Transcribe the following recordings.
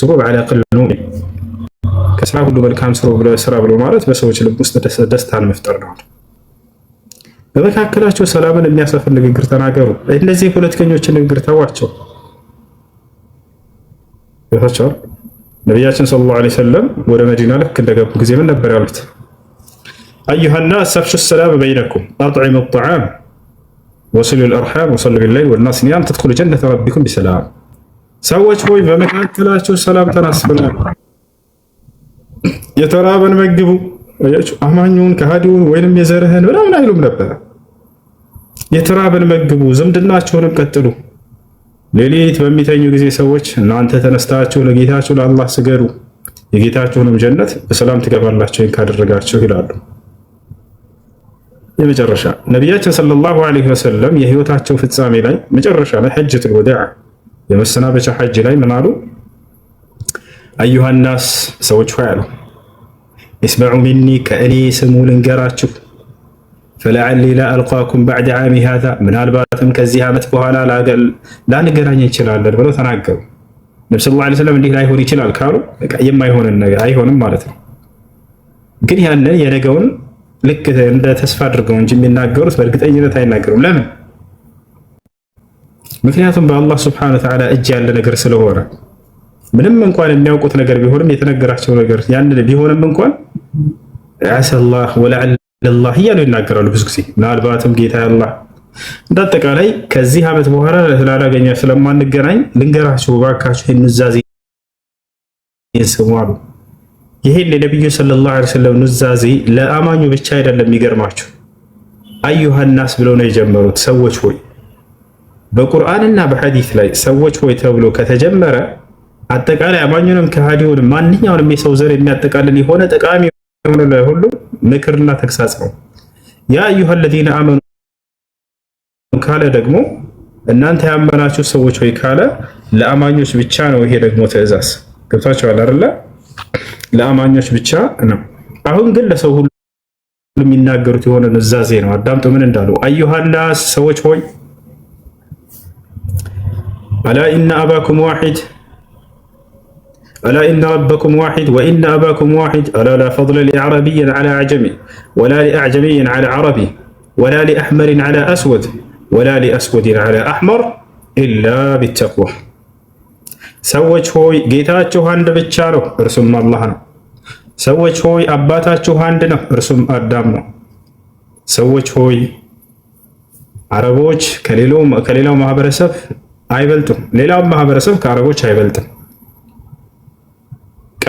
ስቡብ ዐላ ቀል ከስራ ሁሉ መልካም ስራ ብሎ ማለት በሰዎች ልብ ውስጥ ደስታን መፍጠር ነው። በመካከላቸው ሰላምን የሚያሰፍን ንግግር ተናገሩ። እነዚህ የፖለቲከኞችን ንግግር ተዋቸው። ታቸዋል ነቢያችን ሰለላሁ ዐለይሂ ወሰለም ወደ መዲና ልክ እንደገቡ ጊዜ ምን ነበር ያሉት? አዩሃናስ አፍሹ ሰላም በይነኩም አጥዒሙ ጣዓም ወስሉ ልአርሓም ወሰሉ ቢለይል ወናስ ንያም ተድኩሉ ጀነተ ረቢኩም ቢሰላም ሰዎች ሆይ በመካከላቸው ሰላም አስፍናል። የተራበን መግቡ፣ አማኙን ከሃዲውን ወይንም የዘርህን ምናምን አይሉም ነበር። የተራበን መግቡ፣ ዝምድናቸውንም ቀጥሉ። ሌሊት በሚተኙ ጊዜ ሰዎች እናንተ ተነስታችሁ ለጌታችሁ ለአላህ ስገዱ፣ የጌታችሁንም ጀነት በሰላም ትገባላችሁ ካደረጋችሁ ይላሉ። የመጨረሻ ነቢያችን ሰለላሁ ዐለይሂ ወሰለም የህይወታቸው ፍጻሜ ላይ መጨረሻ ላይ ሐጀቱል ወዳዕ የመሰናበቻ ሐጅ ላይ ምን አሉ? አዩሃ ሰዎች ሆይ አሉ፣ እስመዑ ሚኒ ከእኔ ስሙ ልንገራችሁ፣ ፈለዓሊ ላ አልቋኩም ባዕድ ዓሚ ሃዛ ምናልባትም ከዚህ ዓመት በኋላ ላንገናኝ እንችላለን ብለው ተናገሩ። ነቢ ስ ላ ስለም እንዲህ ላይሆን ይችላል ካሉ የማይሆንን ነገር አይሆንም ማለት ነው። ግን ያንን የነገውን ልክ እንደ ተስፋ አድርገው እንጂ የሚናገሩት በእርግጠኝነት አይናገሩም። ለምን ምክንያቱም በአላህ ስብሐነ ወተዓላ እጅ ያለ ነገር ስለሆነ ምንም እንኳን የሚያውቁት ነገር ቢሆንም የተነገራቸው ነገር ያንን ቢሆንም እንኳን አሰላህ ወለዐለላህ እያሉ ይናገራሉ። ብዙ ጊዜ ምናልባትም ጌታ ያላህ እንዳጠቃላይ ከዚህ ዓመት በኋላ ስላላገኛ ስለማንገናኝ ልንገራችሁ እባካችሁ ኑዛዜ ስሙ አሉ። ይሄን የነቢዩ ሰለላሁ ዐለይሂ ወሰለም ኑዛዜ ለአማኙ ብቻ አይደለም። የሚገርማችሁ ናስ ብለው ነው የጀመሩት ሰዎች ሆይ በቁርአንና በሐዲስ ላይ ሰዎች ሆይ ተብሎ ከተጀመረ አጠቃላይ አማኙንም ከሃዲውን ማንኛውንም የሰው ዘር የሚያጠቃልል የሆነ ጠቃሚ የሆነ ለሁሉ ምክርና ተግሳጽ ነው። ያ አዩሃ ለዚነ አመኑ ካለ ደግሞ እናንተ ያመናችሁ ሰዎች ወይ ካለ ለአማኞች ብቻ ነው። ይሄ ደግሞ ትዕዛዝ ገብታችኋል አይደለ? ለአማኞች ብቻ ነው። አሁን ግን ለሰው ሁሉ የሚናገሩት የሆነ ንዛዜ ነው። አዳምጡ ምን እንዳሉ አዩሃ ናስ ሰዎች ሆይ አላ ኢነ አባኩም ዋሂድ አላ ኢነ ረበኩም ዋሂድ ወኢነ አባኩም ዋሂድ አላ ላ ፈድለ ሊአዕረቢይን ዓላ አዕጀሚ ወላ ሊአዕጀሚይን ዓላ ዓረቢ ወላ ሊአሕመሪን ዓላ አስወድ ወላ ሊአስወድን ዓላ አሕመር ኢላ ቢተቅዋ። ሰዎች ሆይ ጌታችሁ አንድ ብቻ ነው፣ እርሱም አላህ ነው። ሰዎች ሆይ አባታችሁ አንድ ነው፣ እርሱም አዳም ነው። ሰዎች ሆይ አረቦች ከሌላው ማህበረሰብ አይበልጡም። ሌላውም ማህበረሰብ ከአረቦች አይበልጥም።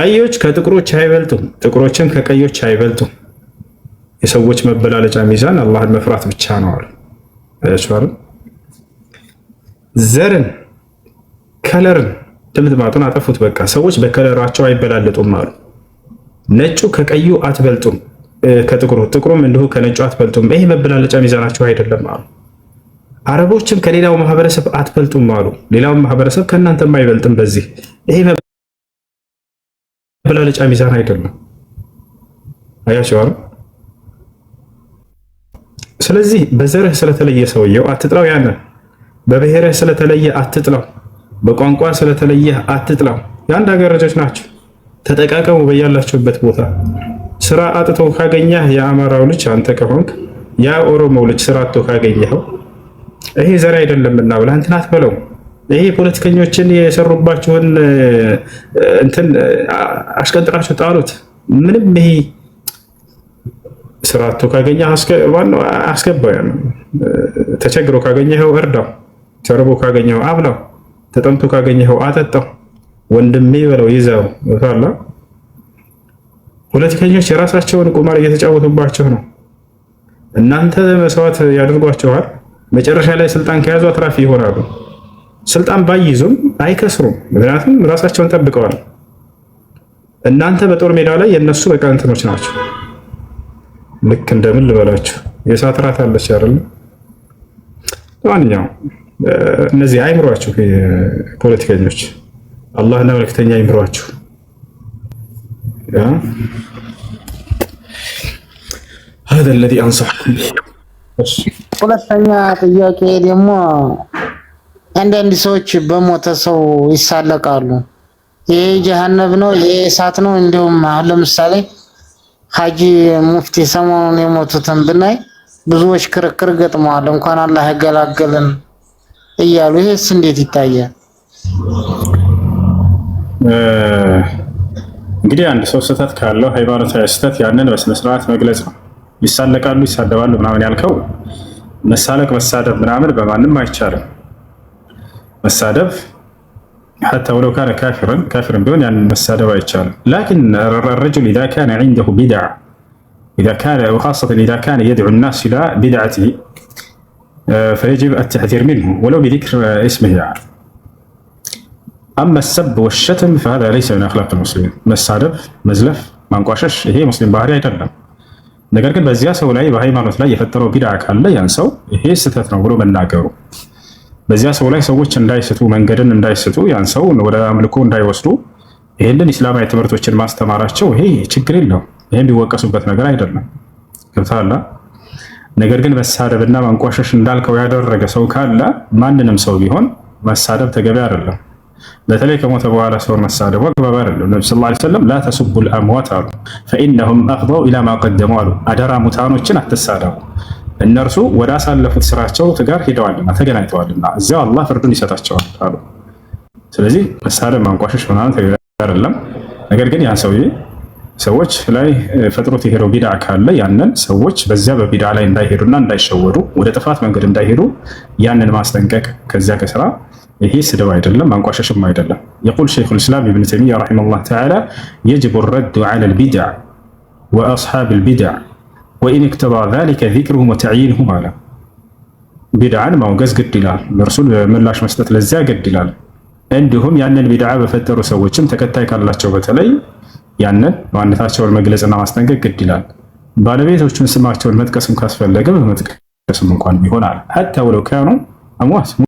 ቀዮች ከጥቁሮች አይበልጡም፣ ጥቁሮችም ከቀዮች አይበልጡም። የሰዎች መበላለጫ ሚዛን አላህን መፍራት ብቻ ነው አሉ። ዘርን ከለርን ድምጥማጡን አጠፉት። በቃ ሰዎች በከለራቸው አይበላለጡም አሉ። ነጩ ከቀዩ አትበልጡም ከጥቁሩ ጥቁሩም እንዲሁ ከነጩ አትበልጡም። ይሄ መበላለጫ ሚዛናቸው አይደለም አሉ። አረቦችም ከሌላው ማህበረሰብ አትበልጡም አሉ። ሌላውን ማህበረሰብ ከእናንተም አይበልጥም። በዚህ ይሄ መበላለጫ ሚዛን አይደለም። አያችሁ። ስለዚህ በዘርህ ስለተለየ ሰውየው አትጥላው፣ ያነ በብሔርህ ስለተለየ አትጥላው፣ በቋንቋ ስለተለየ አትጥላው። የአንድ ሀገር ልጆች ናቸው። ተጠቃቀሙ በያላችሁበት ቦታ። ስራ አጥቶ ካገኘህ የአማራው ልጅ አንተ ከሆንክ ያ ልጅ ስራ አጥቶ ካገኘኸው ይሄ ዘር አይደለምና ብለህ እንትን አትበለው። ይሄ ፖለቲከኞችን የሰሩባችሁን እንትን አሽቀንጥራችሁ ጣሉት። ምንም ይሄ ስራቱ ካገኘ አስገባው፣ ተቸግሮ ካገኘኸው እርዳው፣ ተርቦ ካገኘኸው አብላው፣ ተጠምቶ ካገኘኸው አጠጣው፣ ወንድሜ በለው ይዘው ታላ ፖለቲከኞች የራሳቸውን ቁማር እየተጫወቱባቸው ነው። እናንተ መስዋዕት ያደርጓቸዋል። መጨረሻ ላይ ስልጣን ከያዙ አትራፊ ይሆናሉ። ስልጣን ባይይዙም አይከስሩም፣ ምክንያቱም ራሳቸውን ጠብቀዋል። እናንተ በጦር ሜዳ ላይ የነሱ በቃ እንትኖች ናቸው። ልክ እንደምን ልበላችሁ የእሳት ራት አለች አይደለ? ለማንኛውም እነዚህ አይምሯችሁ፣ ፖለቲከኞች አላህና መልክተኛ አይምሯችሁ። هذا الذي أنصحكم ሁለተኛ ጥያቄ ደግሞ አንዳንድ ሰዎች በሞተ ሰው ይሳለቃሉ። ይሄ ጀሃነብ ነው፣ ይሄ እሳት ነው። እንዲሁም አሁን ለምሳሌ ሀጂ ሙፍቲ ሰሞኑን የሞቱትን ብናይ ብዙዎች ክርክር ገጥመዋል። እንኳን አላህ ያገላገልን እያሉ ይሄስ እንዴት ይታያል? እንግዲህ አንድ ሰው ስህተት ካለው ሃይማኖታዊ ስህተት ያንን በስነስርዓት መግለጽ ነው። ይሳለቃሉ፣ ይሳደባሉ ምናምን ያልከው መሳለቅ፣ መሳደብ ምናምን በማንም አይቻልም። መሳደብ ሓታ ወለው ካነ ካፊረን ካፊርን ቢሆን ያንን መሳደብ አይቻልም። ላኪን ረጅል ኢዛ ካነ ዒንደሁ ቢድዓ ወኻሰተን ኢዛ ካነ የድዑ ናስ ኢላ ቢድዓቲ ፈየጅብ አተሕዚር ሚንሁ ወለው ቢዚክር እስምህ ይዓል አማ ሰብ ወሸትም ፈሃዛ ለይሰ ምን አኽላቅ ልሙስሊሚን። መሳደብ፣ መዝለፍ፣ ማንቋሸሽ ይሄ ሙስሊም ባህሪ አይደለም። ነገር ግን በዚያ ሰው ላይ በሃይማኖት ላይ የፈጠረው ቢድዓ ካለ ያን ሰው ይሄ ስህተት ነው ብሎ መናገሩ በዚያ ሰው ላይ ሰዎች እንዳይስቱ መንገድን እንዳይስቱ ያን ሰው ወደ አምልኮ እንዳይወስዱ ይህንን ኢስላማዊ ትምህርቶችን ማስተማራቸው ይሄ ችግር የለውም። ይህም ቢወቀሱበት ነገር አይደለም። ገብቶሃል። ነገር ግን መሳደብና ማንቋሸሽ እንዳልከው ያደረገ ሰው ካለ ማንንም ሰው ቢሆን መሳደብ ተገቢ አይደለም። በተለይ ከሞተ በኋላ ሰውን መሳደቡ አግባብ አይደለም። ነቢ ስለ ሰለም ላ ተሱቡ ልአምዋት አሉ ፈኢነሁም አቅበው ኢላ ማ ቀደሙ አሉ። አደራ ሙታኖችን አትሳደቡ፣ እነርሱ ወደ አሳለፉት ስራቸው ጋር ሄደዋልና ተገናኝተዋልና እዚያው አላህ ፍርዱን ይሰጣቸዋል አሉ። ስለዚህ መሳደብ ማንቋሸሽ ምናምን ተገቢ አይደለም። ነገር ግን ያን ሰውዬ ሰዎች ላይ ፈጥሮት የሄደው ቢዳ ካለ ያንን ሰዎች በዚያ በቢዳ ላይ እንዳይሄዱና እንዳይሸወዱ ወደ ጥፋት መንገድ እንዳይሄዱ ያንን ማስጠንቀቅ ከዚያ ከስራ ይሄ ስድብ አይደለም፣ ማንቋሸሽም አይደለም። የቁል ሸይኹል ኢስላም ኢብኑ ተይሚያ ረሒመሁላህ ተዓላ የጅቡ ረዱ ዐለል ቢድዓ ወአስሓብል ቢድዓ ወኢን እክተባ ዛሊከ ዚክርሁም ወተዕይንሁም አለ። ቢድዓን ማውገዝ ግድ ይላል፣ ለእርሱን ምላሽ መስጠት ለዚያ ግድ ይላል። እንዲሁም ያንን ቢድዓ በፈጠሩ ሰዎችም ተከታይ ካላቸው በተለይ ያንን ማንነታቸውን መግለጽና ማስጠንቀቅ ግድ ይላል። ባለቤቶቹን ስማቸውን መጥቀስም ካስፈለገ በመጥቀስም እንኳን ቢሆን አለ ሐታ ወለው ካኑ አምዋት